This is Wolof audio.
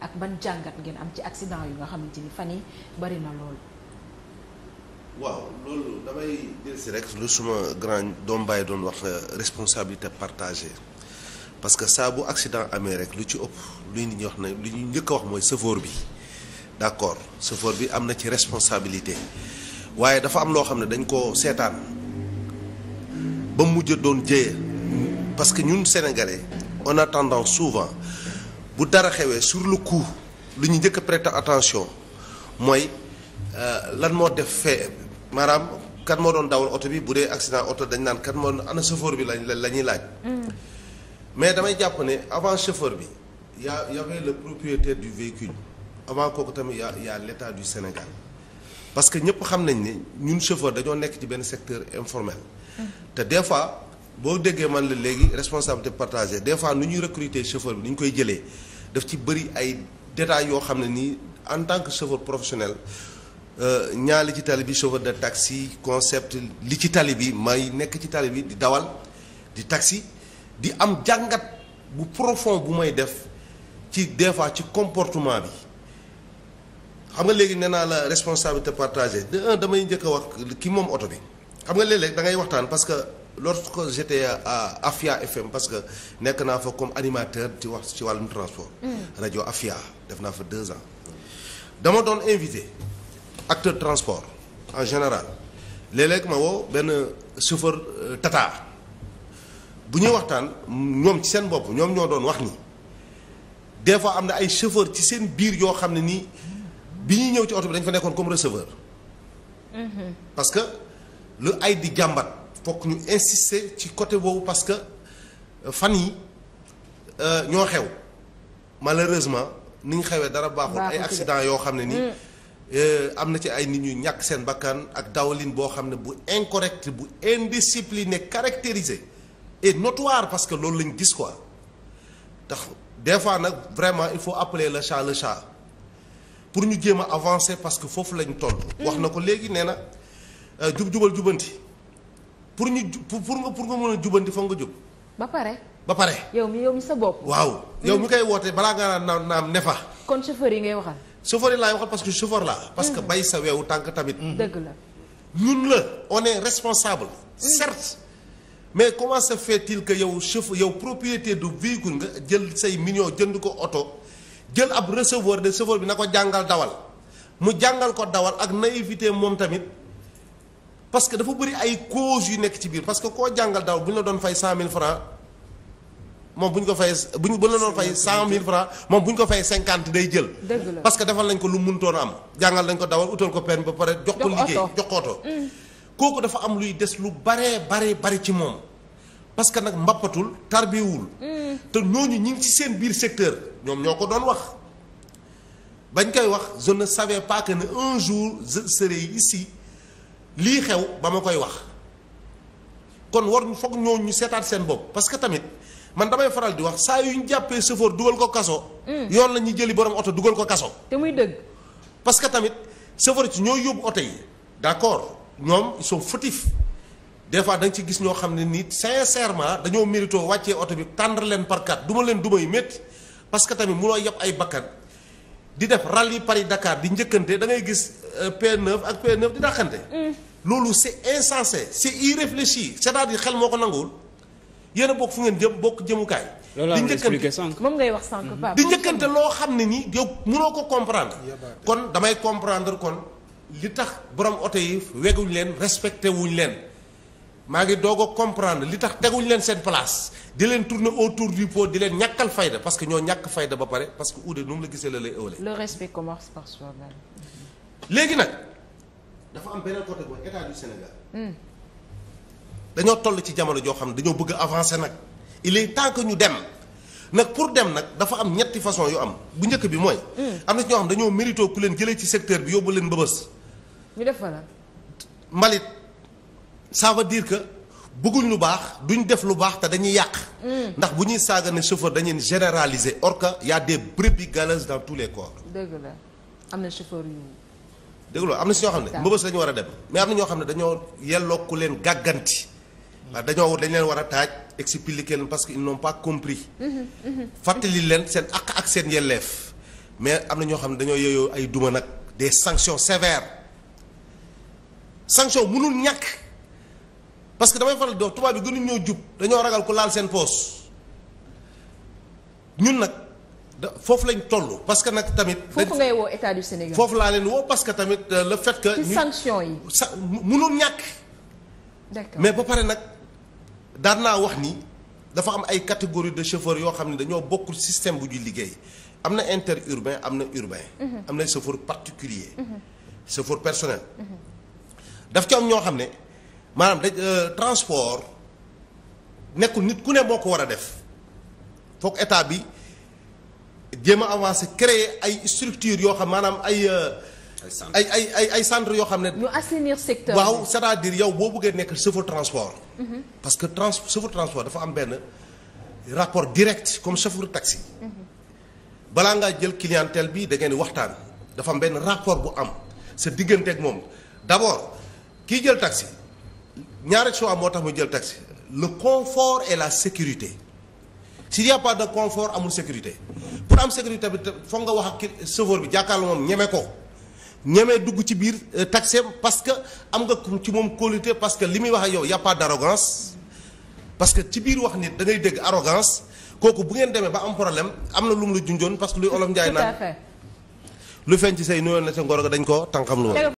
ak ban jàngat ngeen am ci accident yu nga xam ni fan yi bari na waaw loolu damay jël rek lu suma grand doom bàyyi doon wax euh, responsabilité partagée parce que saa bu amee rek lu ci ëpp luy nit ñi wax ne lu ñu njëkk a wax mooy chauffeur bi d'accord chauffeur bi am na ci responsabilité waaye dafa am loo xam ne dañ ko seetaan ba mujj doon jëye parce que ñun sénégalais on a souvent bu dara xewee sur le coup lu ñu njëkk a attention mooy euh, lan moo def fee maanaam kan moo doon dawal oto bi bu dee accident oto dañ naan kan moo doon ana chauffeur bi lañ la ñuy laaj. Mm. mais damay jàpp ne avant chauffeur bi yaa a y' avait le du véhicule avant kooku tamit y' a y' a du Sénégal parce que ñëpp xam nañ ne ñun chauffeur dañoo nekk ci benn secteur informel. Mm. te des fois boo déggee man la léegi responsabilité partagée des fois nu ñu recruter chauffeur bi ni ñu koy jëlee. daf ci bëri ay détails yoo xam ne ni en tant que chauffeur professionnel euh, ñaar li ci tali bi chauffeur de taxi concept li ci tali bi may nekk ci tali bi di dawal di taxi di am jàngat bu profond bu may def ci des fois ci comportement bi xam nga léegi nee naa la responsabilité partagée de un damay njëkk wax ki moom oto bi xam nga léeg-léeg da waxtaan parce lorsque j'étais à Afia FM parce que nekk naa fa comme animateur ci wax ci wàllum transport. Mm. rajo Afia def naa fa deux ans. dama doon invité acteur transport en général léeg ma woo benn chauffeur euh, Tata bu ñuy waxtaan ñoom ci seen bopp ñoom ñoo doon wax ni des fois am na ay chauffeur ci seen biir yoo xam ne nii bi ñuy ñëw ci oto bi dañ fa nekkoon comme receveur. Mm-hmm. parce que lu ay di jàmbat. fokk ñu insister ci côté boobu parce que euh, fan yi euh, ñoo xew malheureusement ni ñu xewee dara baaxul ay accident yoo xam ne nii mm. euh, am na ci ay nit ñu ñàkk seen bakkan ak dawalin boo xam ne bu incorrect bu indiscipliné caractérisé et notoire parce que loolu lañ gis quoi tax des fois nag vraiment il faut appeler la chat le chat pour ñu jéem a avancer parce que foofu lañ toll. Mm. wax na ko léegi nee na jub jubal jubanti. pour ñu pour nga pour nga mën a jubanti foog nga jub. ba pare. ba pare. yow mi yow mi sa bopp. waaw yow mi mm. koy wootee balaa nga naan naam ne fa. kon chauffeur yi ngay waxal. chauffeur yi laay waxal parce que chauffeur laa. Mm. parce que bay sa weewu tànk tamit. Mm-hmm. dëgg la. ñun la on est responsable. Mm. certes mais comment se fait que yow chauffeur yow propiété du véhicule nga jël say million jënd ko oto jël ab receveur de chauffeur bi na ko jàngal dawal mu jàngal ko dawal ak naïveté moom tamit. parce que dafa bari ay cause yu nekk ci biir parce que koo jàngal daw bu ñu la doon fay cent mille francs moom bu ñu ko fay bu ñu bu ñu la doon fay cent mille francs moom bu ñu ko fay cinquante day jël. parce que defal nañ ko lu mënutoon am jàngal nañ ko dawal utal ko permis ba pare jox ko liggéey jox ko oto mm. kooku dafa am luy des lu baree bare bari ci moom parce que nag mbappatul tarbiwul mm. te ñooñu ñi ngi ci seen biir secteur ñoom ñoo ko doon wax bañ koy wax je ne savais pas un jour je serai ici lii xew ba ma koy wax kon war foog ñoo ñu seetaat seen bopp parce que tamit man damay faral di wax saa yu ñu jàppee chauffeur dugal ko kaso. Mm. yoon la ñuy jëli borom oto dugal ko kaso. te muy dëgg. parce que tamit chauffeur ci ñoo yóbbu oto yi d'accord ñoom soo sont fautifs des fois da nga ci gis ñoo xam ne nit sincèrement dañoo mérito wàcce oto bi tàndar leen par duma leen duma yu métti parce que tamit munoo yab ay bakkan di def yi rallye Paris Dakar di njëkkante da gis euh, p ak P9 di loolu c'est insensé c'est irréfléchi cest à xel moo ko nanguwul yéen a bokk fu ngeen jëm bokk jëmukaay. di njëkkante moom ngay wax sànq di njëkkante loo xam ne nii yow mënoo ko comprendre. kon damay comprendre kon li tax borom oto yi weguñ leen respecté wuñ leen maa ngi doog a comprendre li tax teguñ leen seen place di leen tourner autour du pot di leen ñàkkal fayda parce que ñoo ñàkk fayda ba pare parce que uude nu mu la gisee la lay ëwale. le respect commence léegi nag. dafa am beneen côté booy état du Sénégal. Hmm. dañoo toll ci jamono joo xam ne dañoo bëgg a avancer nag il est que ñu dem nag pour dem nag dafa am ñetti façon yu am bu njëkk bi mooy. Hmm. am na ci ñoo xam dañoo mérito ku leen jëlee ci secteur bi yóbbu leen mbëbës. ñu def fa la. mbalit ça veut que bëgguñ lu baax duñ def lu baax te dañuy yàq. Hmm. ndax bu ñuy saaga ne chauffeur dañuy généraliser or que y a des brebis galeuses dans tous les corps. dëgg la am na chauffeur yu. dëgg am na si ñoo xam ne mbëbës la ñu war a dem mais am na ñoo xam ne dañoo yelloo ku leen gàgganti waaw mm-hmm. dañoo dañ leen war a taaj expliquer leen parce que ils n'ont pas compris mm-hmm, mm-hmm. fàttali leen seen ak ak seen yelleef mais am na ñoo xam ne dañoo yeyoo ay duma nag des sanctions sévères sanction mënul ñàkk parce que damay faral doo wax tubaab bi gënuñ ñoo jub dañoo ragal ku laal seen poos ñun nag da foofu lañu toll parce que nag tamit. foofu ngay woo état du foofu laa leen woo parce que tamit euh, le fait que. ci sanction yi sa mënoon ñàkk. d'accord mais ba pare nag daan naa wax ni dafa am ay catégorie de chauffeurs yoo xam ne dañoo bokkul système bu juy liggéey am na interurbain am na urbain. Mhm. am na chauffeur particulier. Mhm. chauffeur personnel. Mhm. daf ci am ñoo xam ne maanaam da euh, transport nekkul nit ku ne boo ko war a def foog état bi. jéem a avancé créer ay structures yoo xam maanaam ay. Euh, ay ay ay ay centre yoo xam ne. ñu assainir secteur waaw c'est-à-dire yow boo bëggee nekk chauffeur transport. Mhm. parce que trans chauffeur transport dafa am benn rapport direct comme chauffeur taxi. Mhm. balaa ngaa jël clientèle bi da ngeen di waxtaan dafa am benn rapport bu am sa diggante ak moom d'abord kii jël taxi ñaari choix moo tax mu jël taxi le confort et la sécurité si n'y a pas confort amul sécurité. pour am sécurité bi foog nga wax ak chauffeur bi jàkkaarloo moom ñeme ko ñeme dugg ci biir euh, taxi parce que am nga ci moom qualité parce que li muy wax ak yow y' a parce que ci biir wax nit da ngay dégg arrogance kooku bu ngeen demee ba am problème am na lu mu junjoon parce que luy olof njaay naan lu feeñ ci say nuyoon na sa ngoro dañ ko tànqam lu